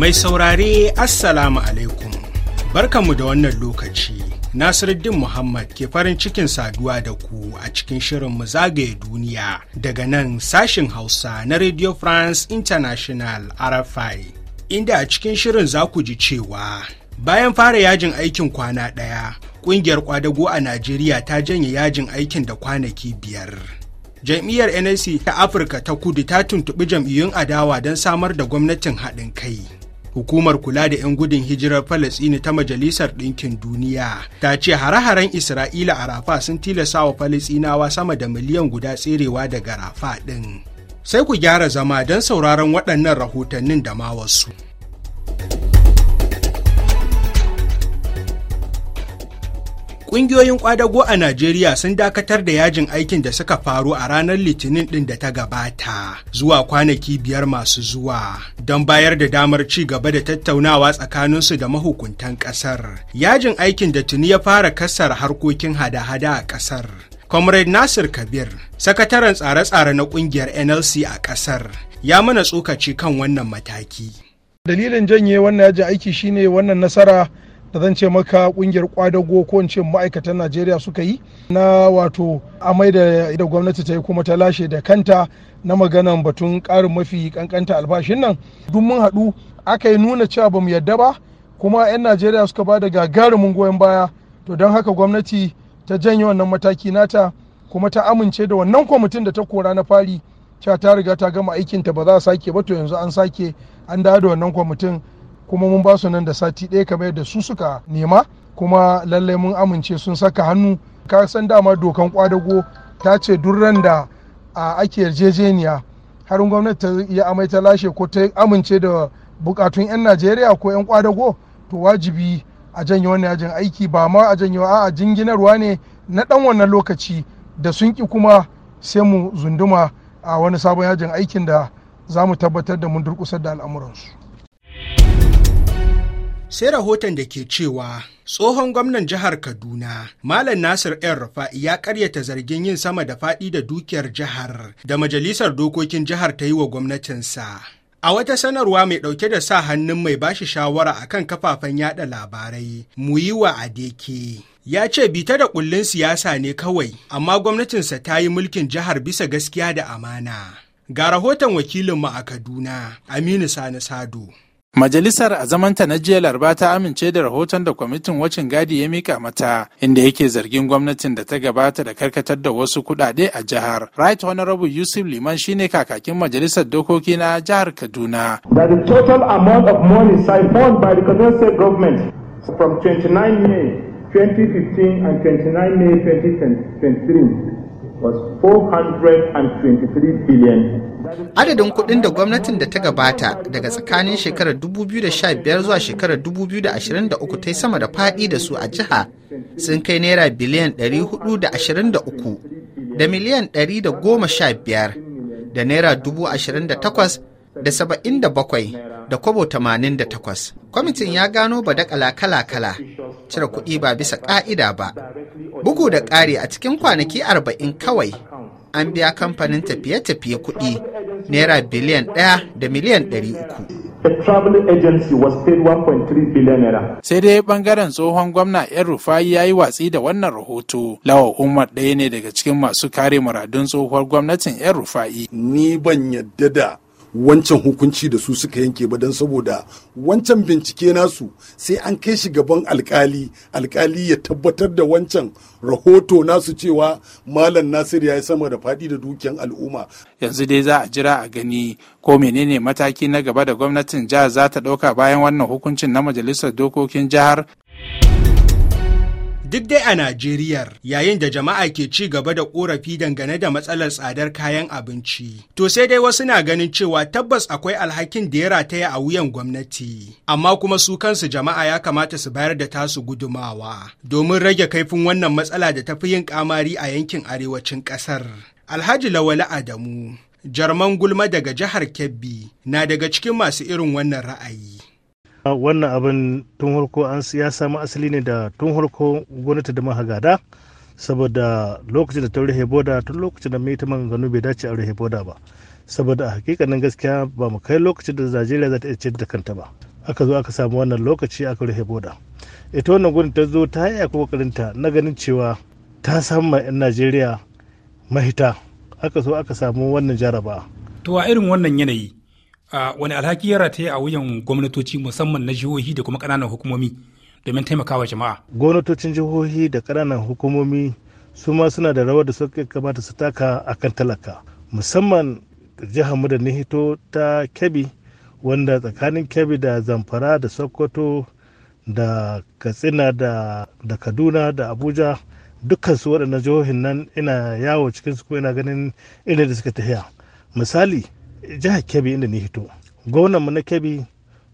Mai saurare Assalamu alaikum. mu da wannan lokaci. Nasiruddin Muhammad ke farin cikin saduwa da ku a cikin shirin mu zagaye duniya daga nan sashin Hausa na Radio France International RFI. Inda a cikin shirin za ku ji cewa bayan fara yajin aikin kwana ɗaya, ƙungiyar kwadago a Najeriya ta janye yajin aikin da kwanaki biyar. Jam'iyyar NSC ta Afirka ta kudu ta tuntuɓi jam'iyyun adawa don samar da gwamnatin haɗin kai. Hukumar kula da 'yan gudun hijirar Falasɗini ta Majalisar Ɗinkin Duniya ta ce hare-haren Isra'ila a Rafa sun tilasa wa Falasɗinawa sama da miliyan guda tserewa daga Rafa ɗin. Sai ku gyara zama don sauraron waɗannan rahotannin da ma wasu. Ƙungiyoyin ƙwadago a Najeriya sun dakatar da yajin aikin da suka faru a ranar Litinin ɗin da ta gabata zuwa kwanaki biyar masu zuwa don bayar da damar ci gaba da tattaunawa tsakaninsu da mahukuntan ƙasar. Yajin aikin da tuni ya fara kasar harkokin hada-hada a ƙasar. Comrade Nasir Kabir, sakataren tsare-tsare na ƙungiyar NLC a ƙasar, ya mana tsokaci kan wannan mataki. Dalilin janye wannan yajin aiki shine wannan nasara da zan ce maka kungiyar kwadago ko in ce ma'aikatan najeriya suka yi na wato amai da da gwamnati ta yi kuma ta lashe da kanta na maganan batun karin mafi kankanta albashin nan duk mun haɗu aka yi nuna cewa ba mu yadda ba kuma 'yan najeriya suka ba da gagarumin goyon baya to don haka gwamnati ta janye wannan mataki nata kuma ta amince da wannan kwamitin da ta kora na fari cewa ta riga ta gama aikinta ba za a sake ba to yanzu an sake an dawo da wannan kwamitin kuma mun ba su nan da sati ɗaya kamar yadda su suka nema kuma lallai mun amince sun saka hannu ka san dama dokan kwadago ta ce durran da ake yarjejeniya harin gwamnati ta yi amai ta lashe ko ta amince da bukatun 'yan najeriya ko 'yan kwadago to wajibi a janye wannan yajin aiki ba ma a janye a jinginarwa ne na dan wannan lokaci da sun ki kuma sai mu zunduma a wani sabon yajin aikin da za mu tabbatar da mun durkusar da al'amuransu sai rahoton da ke cewa tsohon gwamnan jihar kaduna malam nasir yan rufa'i ya karyata zargin yin sama da faɗi da dukiyar jihar da majalisar dokokin jihar ta yi wa gwamnatinsa a wata sanarwa mai ɗauke da sa hannun mai bashi shawara a kan kafafen yada labarai mu yi wa adeke ya ce bita da kullun siyasa ne kawai amma gwamnatinsa ta yi mulkin jihar bisa gaskiya da amana ga rahoton wakilinmu a kaduna aminu sani sado Majalisar a ta na jiya larba ta amince da rahoton da kwamitin wacin gadi ya mika mata inda yake zargin gwamnatin da ta gabata da karkatar da wasu kudade a jihar. Right Honorable Yusuf Liman shine kakakin majalisar dokoki na jihar Kaduna. That the total amount of money siphoned by the Kaduna state government from 29 May 2015 and 29 May 2023 Adadin kuɗin da gwamnatin da ta gabata daga tsakanin shekarar 2015 zuwa shekarar 2023 ta yi sama da faɗi da su a jiha sun kai naira biliyan 423 da miliyan 115 da naira 2028 da 77 da kwabo 88. Kwamitin ya gano badakala kala-kala cire kuɗi ba bisa ƙa'ida ba. Bugu da ƙari a cikin kwanaki arba'in kawai an biya kamfanin tafiye-tafiye kuɗi naira biliyan ɗaya da miliyan ɗari uku. Sai dai bangaren tsohon gwamna ‘yan Rufai ya yi watsi da wannan rahoto. Lawa Umar ɗaya ne daga cikin masu kare muradun tsohuwar gwamnatin ‘yan Rufai. Ni ban yadda da wancan hukunci da su suka yanke ba don saboda wancan bincike nasu sai an kai shi gaban alkali alkali ya tabbatar da wancan rahoto nasu cewa malam nasir ya yi sama da faɗi da dukiyan al'umma yanzu dai za a jira a gani ko menene mataki na gaba da gwamnatin jihar za ta ɗauka bayan wannan hukuncin na majalisar dokokin jihar duk dai a Najeriya yayin da jama'a ke ci gaba da korafi dangane da matsalar tsadar kayan abinci. To sai dai wasu na ganin cewa tabbas akwai alhakin da ya rataya a wuyan gwamnati, amma kuma su kansu jama'a ya kamata su bayar da tasu gudumawa domin rage kaifin wannan matsala da tafi yin kamari a yankin arewacin ƙasar. Alhaji lawala Adamu, jarman gulma daga jihar Kebbi, na daga cikin masu irin wannan ra'ayi. wannan abin tun harko an ya samu asali ne da tun harko gwamnati da mahagada saboda lokacin da ta rufe boda tun lokacin da mai ta maganganu bai dace a rufe boda ba saboda a hakikanin gaskiya ba mu kai lokacin da najeriya za ta iya ciyar da kanta ba aka zo aka samu wannan lokaci aka rufe boda ita wannan gwamnati ta zo ta yi kokarinta na ganin cewa ta samu 'yan najeriya mahita aka zo aka samu wannan jarabawa. to a irin wannan yanayi wani alhaki ya rataye a wuyan gwamnatoci musamman na jihohi da kuma kananan hukumomi domin taimakawa jama'a. Gwamnatocin jihohi da kananan hukumomi su ma suna da rawar da suka kamata su taka a kan talaka musamman jihar mu da nihito ta kebbi wanda tsakanin kebbi da zamfara da sokoto da katsina da, kaduna da abuja dukkan su waɗannan jihohin nan ina yawo cikin su ina ganin inda da suka tafiya misali jihar kebbi inda ni hito mu na kebbi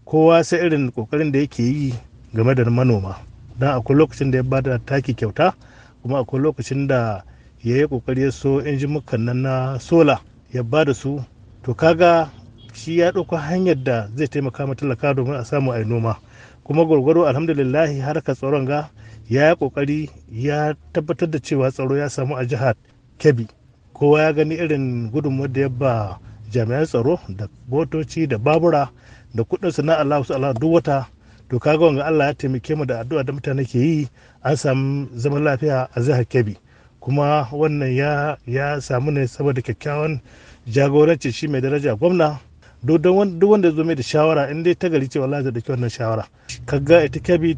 kowa sai irin kokarin da yake yi game da manoma don akwai lokacin da ya bada taki kyauta kuma akwai lokacin da ya yi kokari ya so mukan nan na sola ya ba da su to kaga shi ya ɗauko hanyar da zai taimaka ma talaka domin a samu a noma kuma gwargwaro alhamdulillahi harkar tsaron ga ya yi kokari ya tabbatar da cewa tsaro ya samu a jihar kebbi kowa ya gani irin gudunmuwar da ya ba jami'an tsaro da motoci da babura da kudin su na Allah su Allah duk wata to kaga wanga Allah ya taimake mu da addu'a da mutane ke yi an samu zaman lafiya a zahar kebi kuma wannan ya ya samu ne saboda kyakkyawan jagoranci shi mai daraja gwamna duk wanda zo mai da shawara in dai ta gari ce wallahi da dauki wannan shawara kaga ita kebi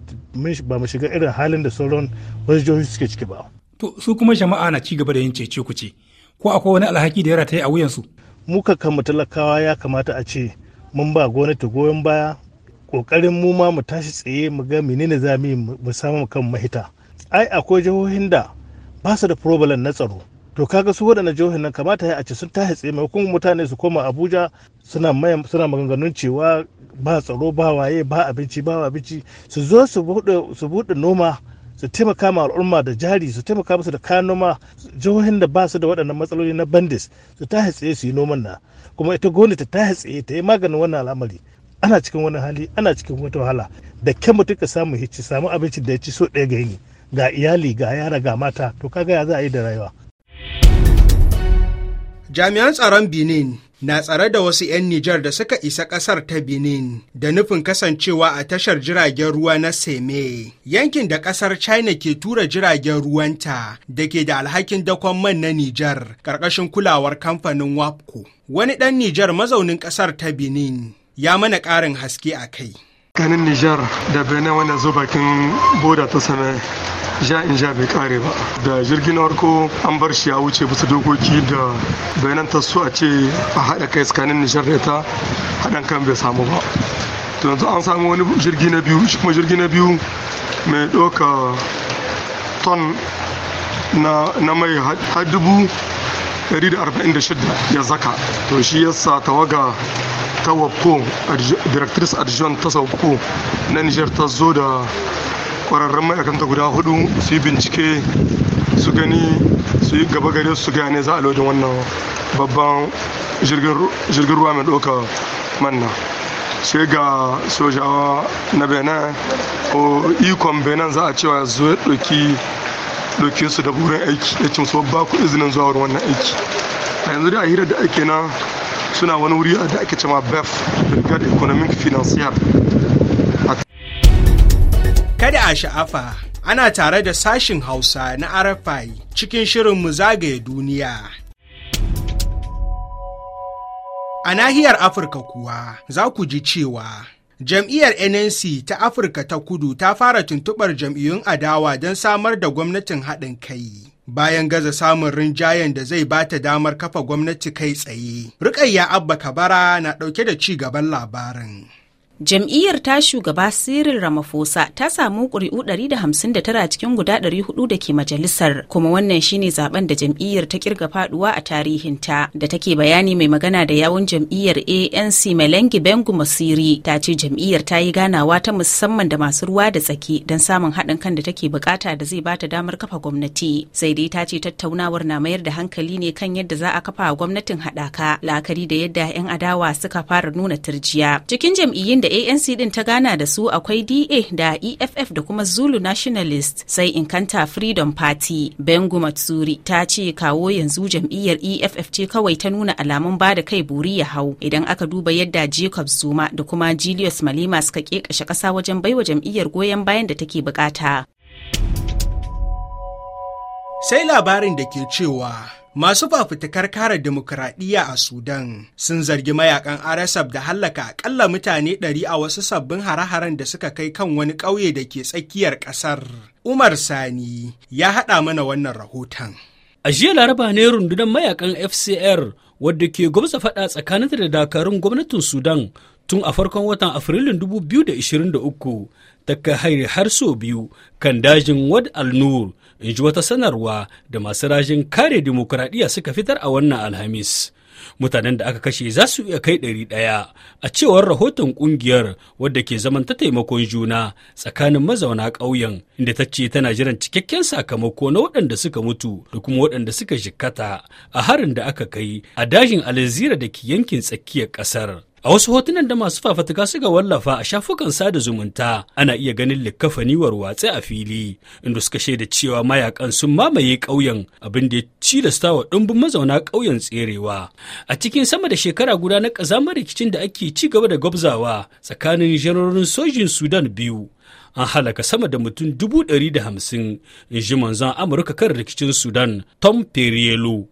ba mu shiga irin halin da sauran wasu jihohi suke ciki ba to su kuma jama'a na ci gaba da yin cece kuce ko akwai wani alhaki da ya yi a wuyansu muka kama talakawa ya kamata a ce mun ba gwamnati goyon baya kokarin mu ma mu tashi tsaye mu ga menene za mu yi mu samu kan mahita ai akwai jihohin da ba su da problem na tsaro to kaga su waɗanda jihohin nan kamata ya a ce sun tashi tsaye maimakon mutane su koma abuja suna suna maganganun cewa ba tsaro ba waye ba abinci ba abinci su zo su buɗe noma su taimaka ma al'umma da jari su taimaka musu da kayan noma jihohin da ba su da waɗannan matsaloli na bandis su tahi tsaye su yi noman na kuma ita gwamnati ta tashi tsaye ta yi maganin wannan al'amari ana cikin wani hali ana cikin wata wahala da kyan mutum ka samu hicci samu abincin da ya ci so ɗaya ga yini ga iyali ga yara ga mata to kaga ya za a yi da rayuwa jami'an tsaron benin na tsare da wasu 'yan Nijar da suka isa ƙasar ta Benin da nufin kasancewa a tashar jiragen ruwa na Seme, yankin da ƙasar China ke tura jiragen ruwanta da ke da alhakin dakon man na Nijar ƙarƙashin kulawar kamfanin WAPCO. Wani ɗan Nijar mazaunin ƙasar ta Benin ya mana ƙarin haske a kai. Ganin Nijar da Benin wanda zo bakin boda ta same ja in ja bai kare ba da jirgin farko an bar shi ya wuce bisa dokoki da bayanan su a ce a haɗa kai tsakanin nishar da ta haɗan kan bai samu ba to yanzu an samu wani jirgi na biyu shi kuma jirgi na biyu mai ɗauka ton na mai har dubu 146 ya zaka to shi yasa tawaga ta wabko directrice adjoint ta sauko na nijar ta zo da kwararren ta guda hudu su yi bincike su gani su yi gaba gare su gane za a lodin wannan babban jirgin ruwa mai ɗauka manna sai ga sojawa na benin ko ikon benin za a cewa zo ya ɗauki su da burin aiki ya cin su ba ku izinin zuwa wannan aiki a yanzu dai a da ake nan suna wani wuri a da ake cewa bef brigade economic financial Kada a sha'afa ana tare da sashin Hausa na Arafai cikin shirin mu zagaye duniya. A nahiyar Afirka kuwa za ku ji cewa Jam'iyyar NNC ta Afirka ta kudu ta fara tuntuɓar jam'iyyun adawa don samar da gwamnatin haɗin kai. bayan gaza samun rinjayen da zai bata damar kafa gwamnati kai tsaye. Rukayya Abba Kabara na ɗauke da ci gaban labarin. Jam'iyyar ta shugaba Cyril Ramaphosa ta samu ƙuri'u 159 cikin guda 400 da ke majalisar, kuma wannan shine zaben da jam'iyyar ta kirga faduwa a tarihinta da take bayani mai magana da yawun jam'iyyar ANC Melengi Bengu Masiri ta ce jam'iyyar ta yi ganawa ta musamman da masu ruwa da tsaki don samun haɗin kan da take bukata da zai bata damar kafa gwamnati. Sai dai ta ce tattaunawar na mayar da hankali ne kan yadda za a kafa gwamnatin haɗaka, la'akari da yadda 'yan adawa suka fara nuna turjiya. Cikin jam'iyyun da da anc din ta gana da su akwai da da e eff da kuma zulu nationalist sai inkanta freedom party bengu matsuri ta ce kawo yanzu jam'iyyar eff ce kawai ta nuna alamun ba da kai buri ya hau idan aka duba yadda jacob zuma da kuma julius malema suka kekashe kasa wajen baiwa jam'iyyar goyon bayan da take bukata sai labarin da ke cewa Masu fafutukar kare demokuraɗiyya a Sudan sun zargi mayakan RSF da hallaka akalla mutane ɗari a wasu sabbin hare-haren da suka kai kan wani ƙauye da ke tsakiyar ƙasar. Umar Sani ya haɗa mana wannan rahoton. A jiya laraba ne rundunar mayakan FCR wadda ke gwamza faɗa tsakaninta da dakarun gwamnatin Sudan tun a farkon watan Afrilun 2023 ta kai har sau biyu kan dajin Wad al-Nur in ji wata sanarwa da masu rajin kare dimokuraɗiyya suka fitar a wannan alhamis mutanen da aka kashe za su iya kai ɗari ɗaya a cewar rahoton ƙungiyar wadda ke zaman ta taimakon juna tsakanin mazauna ƙauyen inda ta ce tana jiran cikakken sakamako na waɗanda suka mutu da kuma waɗanda suka jikkata a harin da aka kai a dajin alazira da ke yankin tsakiyar ƙasar A wasu hotunan da masu fafatuka suka wallafa a shafukan sada zumunta ana iya ganin likkafani warwatse a fili inda suka shaida cewa mayakan sun mamaye ƙauyen abin da ya cilasta wa ɗumbin mazauna ƙauyen tserewa. A cikin sama da shekara guda na ƙazamar rikicin da ake ci gaba da gwabzawa tsakanin janarorin sojin Sudan biyu. An halaka sama da mutum dubu ɗari da hamsin in ji manzan Amurka kan rikicin Sudan Tom Perriello.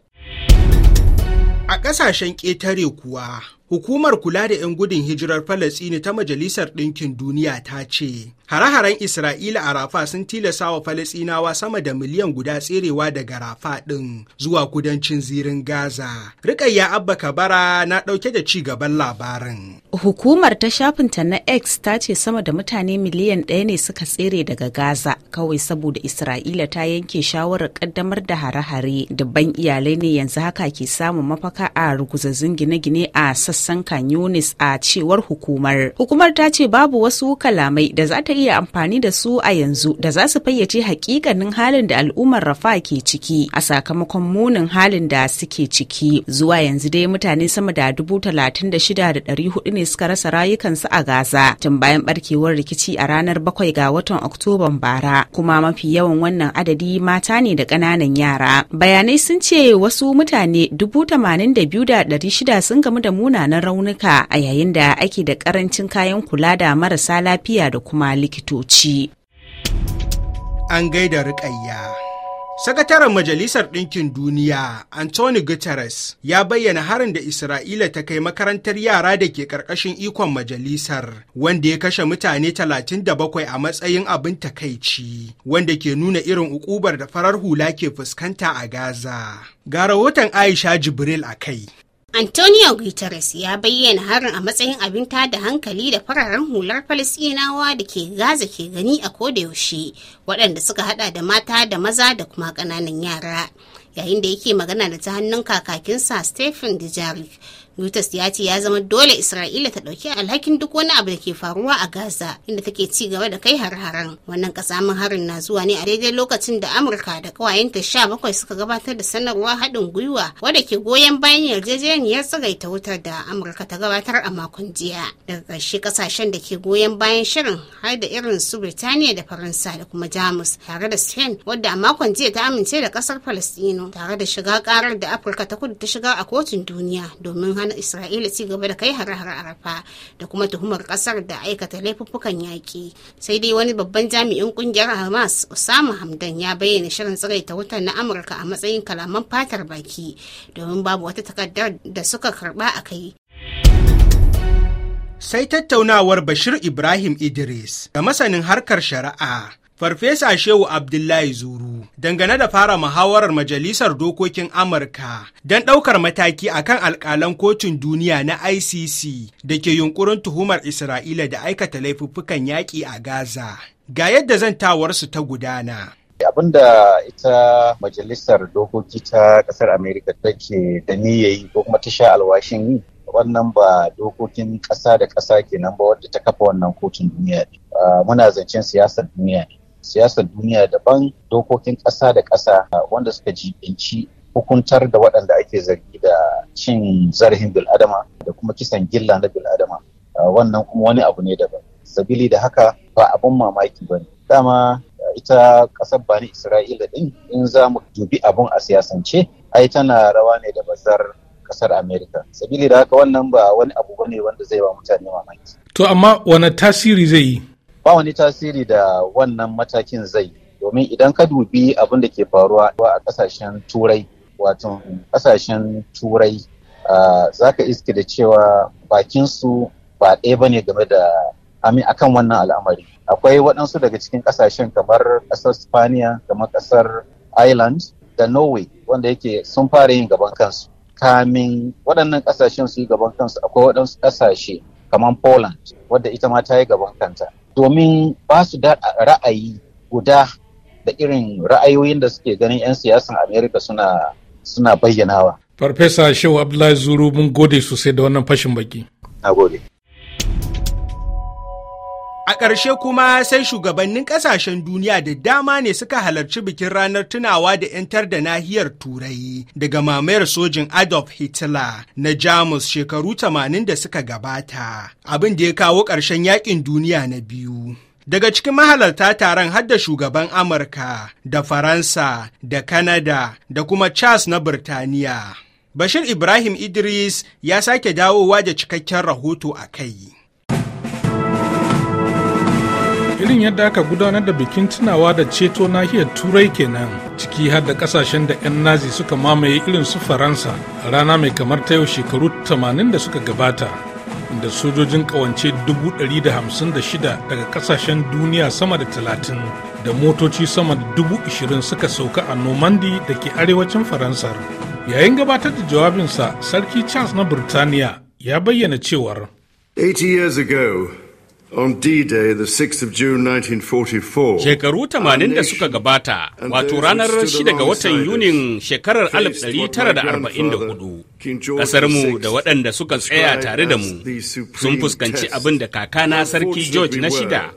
A ƙasashen ƙetare kuwa Hukumar kula da 'yan gudun hijirar Falasini ta Majalisar Ɗinkin Duniya ta ce, Hare-haren Isra'ila a Rafa sun tilasta wa Falasinawa sama da miliyan guda tserewa daga Rafa ɗin zuwa kudancin zirin Gaza. Rikayya Abba Kabara na ɗauke da ci gaban labarin. Hukumar ta shafinta na X ta ce sama da mutane miliyan ɗaya ne suka tsere daga Gaza kawai saboda Isra'ila ta yanke shawarar ƙaddamar da hare-hare. Dubban iyalai ne yanzu haka ke samun mafaka a ruguzazzun gine-gine a sassa sassan kanyonis a cewar hukumar. Hukumar ta ce babu wasu kalamai da za ta iya amfani da su a yanzu da za su fayyace hakikanin halin da al'ummar Rafa ke ciki a sakamakon munin halin da suke ciki. Zuwa yanzu dai mutane sama da dubu talatin da shida da ɗari hudu ne suka rasa rayukansu a Gaza tun bayan barkewar rikici a ranar bakwai ga watan Oktoban bara kuma mafi yawan wannan adadi mata ne da ƙananan yara. Bayanai sun ce wasu mutane dubu tamanin da biyu da ɗari shida sun gamu da muna na raunuka a yayin da ake da karancin kayan kula da marasa lafiya da kuma likitoci. An gaida riƙayya. Sakataren Majalisar Ɗinkin Duniya, Anthony Guterres, ya bayyana harin da Isra'ila ta kai makarantar yara da ke ƙarƙashin ikon majalisar, wanda ya kashe mutane 37 a matsayin abin takaici, wanda ke nuna irin ukubar da farar hula ke fuskanta a Gaza. Ga rahoton Aisha Jibril a kai. Antonio Guterres ya bayyana harin a matsayin abin da hankali da fararen hular Falasinawa da ke Gaza ke gani a kodayaushe, waɗanda suka hada da mata da maza da kuma ƙananan yara. Yayin da yake magana da ta hannun kakakinsa Stephen Dujarric, Reuters ya ce ya zama dole Isra'ila ta ɗauki alhakin duk wani abu da ke faruwa a Gaza inda take ci gaba da kai har-haren. Wannan kasamin harin na zuwa ne a daidai lokacin da Amurka da ƙawayenta sha bakwai suka gabatar da sanarwa haɗin gwiwa wadda ke goyon bayan yarjejeniyar tsagaita wutar da Amurka ta gabatar a makon jiya. Daga ƙarshe ƙasashen da ke goyon bayan shirin har da irin su Birtaniya da Faransa da kuma Jamus tare da Spain wadda a makon jiya ta amince da ƙasar Falastinu tare da shiga ƙarar da Afirka ta kudu ta shiga a kotun duniya domin hana na Isra'ila ci gaba da kai hare-hare Arafa da kuma tuhumar kasar da aikata laifuffukan yaƙi. Sai dai wani babban jami'in kungiyar Hamas Osama Hamdan ya bayyana shirin tsiraita wutar na Amurka a matsayin kalaman fatar baki domin babu wata takardar da suka karba a kai. Sai tattaunawar Bashir Ibrahim Idris da masanin harkar shari'a Farfesa Shehu Abdullahi Zuru dangane da fara muhawarar Majalisar Dokokin Amurka don ɗaukar mataki a kan alƙalan kotun duniya na ICC da ke yunkurin tuhumar Isra'ila da aikata laifuffukan yaƙi a Gaza. Ga yadda zantawarsu ta gudana. abin da ita majalisar dokoki ta ƙasar ta take da niyyayi ko kuma ta sha alwashin yi wannan ba dokokin ƙasa da ƙasa kenan ba wadda ta kafa wannan kotun duniya ah, muna zancen siyasar duniya ne siyasar duniya daban dokokin ƙasa da ƙasa ah, wanda suka jibinci hukuntar da waɗanda ake zargi da cin zarafin bil'adama da kuma kisan gilla na bil'adama ah, wannan kuma wani abu ne daban sabili da haka ba abun mamaki ba ne dama ah, ita ƙasar bani isra'ila ɗin in za mu dubi abun a siyasance ai tana rawa ne da bazar ƙasar amerika sabili da haka wannan ba wani abu ba ne wanda zai ba mutane mamaki to amma wani tasiri zai yi ba wani tasiri da wannan matakin zai domin idan ka dubi abin da ke faruwa a kasashen turai wato kasashen turai za ka iske da cewa bakinsu ba ɗaya ba ne game da amin akan wannan al'amari akwai waɗansu daga cikin kasashen kamar ƙasar spaniya kamar ƙasar ireland da norway wanda yake sun fara yin gaban kansu kamin waɗannan ƙasashen su yi gaban kansu akwai waɗansu ƙasashe kamar poland wadda ita ma ta yi gaban kanta domin ba su da ra'ayi guda da irin ra'ayoyin da suke ganin 'yan siyasan amerika suna suna bayyanawa farfesa shehu abdullahi zuru mun gode sosai da wannan fashin baki na gode A ƙarshe kuma sai shugabannin ƙasashen duniya da dama ne suka halarci bikin ranar tunawa da 'yantar da nahiyar Turai daga mamayar sojin Adolf Hitler na Jamus shekaru 80 da suka gabata, abin da ya kawo ƙarshen yaƙin duniya na biyu. Daga cikin mahalarta taron hadda shugaban Amurka da Faransa da Kanada da kuma Charles na Birtaniya. Bashir Ibrahim Idris ya sake dawowa da cikakken rahoto a kai. irin yadda aka gudanar da bikin tunawa da ceto nahiyar turai kenan ciki har da kasashen da 'yan nazi suka mamaye irin su faransa a rana mai kamar ta yau shekaru 80 da suka gabata da sojojin kawance 156 daga kasashen duniya sama da 30 da motoci sama da 20,000 suka sauka a nomandi da ke arewacin faransar yayin gabatar da jawabinsa sarki charles na birtaniya ya bayyana cewar 80 On 6th 1944. Shekaru tamanin da suka gabata, wato ranar 6 ga watan Yunin shekarar 1944, ƙasarmu da waɗanda suka tsaya tare da mu sun fuskanci abin da kakana Sarki George na shida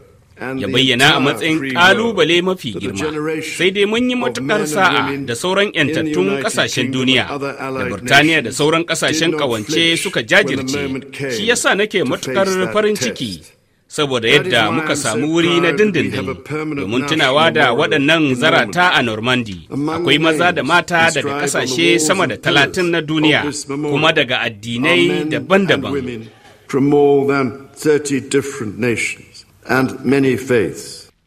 ya bayyana a matsayin ƙalubale mafi girma sai dai mun yi matuƙar sa'a da sauran 'yantattun ƙasashen duniya da burtaniya da sauran ƙasashen ƙawance suka jajirce shi yasa nake matuƙar farin ciki saboda yadda muka samu wuri na dindindin domin tunawa da waɗannan zarata a Normandy. Akwai maza da mata daga ƙasashe sama da talatin na duniya kuma daga addinai daban-daban.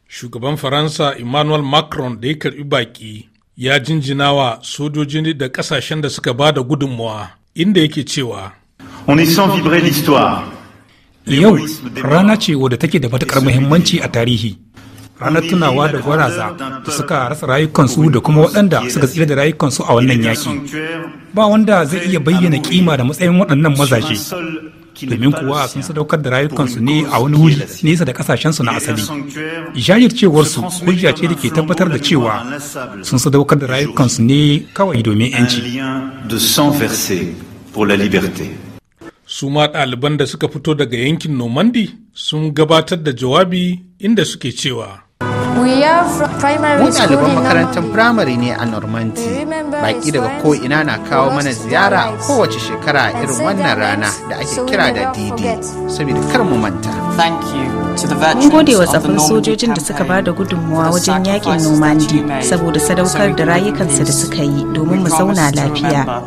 Shugaban Faransa Emmanuel Macron da ya karɓi baƙi ya jinjina wa sojoji da ƙasashen da suka ba da gudunmawa inda yake cewa. On est sans vibrer l'histoire. yau rana ce wadda take da matuƙar muhimmanci a tarihi ranar tunawa da gwaraza da suka rasa rayukansu da kuma waɗanda suka tsira da rayukansu a wannan yaƙi ba wanda zai iya bayyana kima da matsayin waɗannan mazaje domin kuwa sun sadaukar da rayukansu ne a wani wuri nesa da kasashensu na asali cewarsu hujja ce da ke tabbatar da cewa sun sadaukar da rayukansu ne kawai domin 'yanci su ma ɗaliban da suka fito daga yankin nomandi sun gabatar da jawabi inda suke cewa mu ɗaliban makarantar firamare ne a Normandy, baƙi daga ko'ina na kawo mana ziyara kowace shekara irin wannan rana da ake kira da didi saboda kar mu manta Mun gode wa tsafin sojojin da suka ba da gudunmuwa wajen yakin Normandy saboda sadaukar da rayukansu da suka yi domin mu zauna lafiya.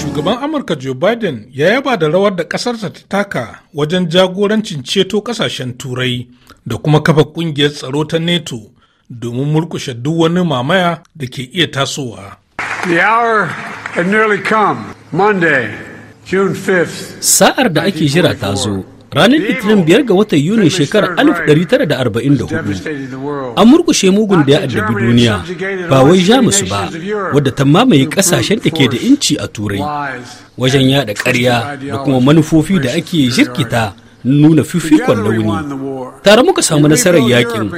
Shugaban Amurka Joe Biden ya yaba da rawar da ƙasarsa ta taka wajen jagorancin ceto kasashen Turai da kuma kafa kungiyar tsaro ta NATO domin murkushe duk wani mamaya da ke iya tasowa. The hour had Sa'ar da ake jira ta zo, Ranar Litinin biyar ga watan Yuni shekarar 1944, an murkushe mugun da ya addabi duniya ba wai Jamus ba, wadda ta mamaye ƙasashen da ke da inci a Turai, wajen yada ƙarya da kuma manufofi da ake jirkita nuna fifikon launi tare muka samu nasarar yakin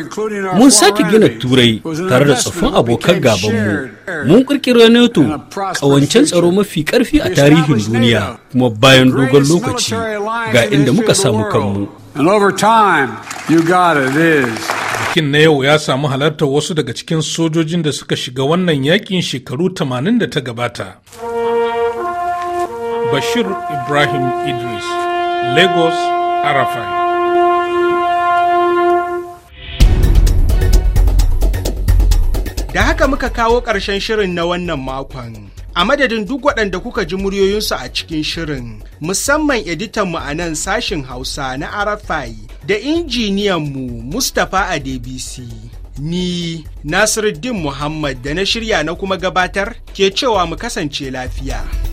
mun sake gina turai tare da tsoffin abokan gabanmu mun kirkiro nato kawancen tsaro mafi ƙarfi a tarihin duniya kuma bayan dogon lokaci ga inda muka samu kanmu bikin na yau ya samu halartar wasu daga cikin sojojin da suka shiga wannan yakin shekaru 80 da ta gabata bashir ibrahim idris lagos arafai da haka muka kawo ƙarshen shirin na wannan makon a madadin duk waɗanda kuka ji muryoyinsu a cikin shirin musamman editanmu a nan sashin hausa na arafai da injiniyanmu mustapha adebisi ni nasiruddin muhammad da na shirya na kuma gabatar ke cewa mu kasance lafiya.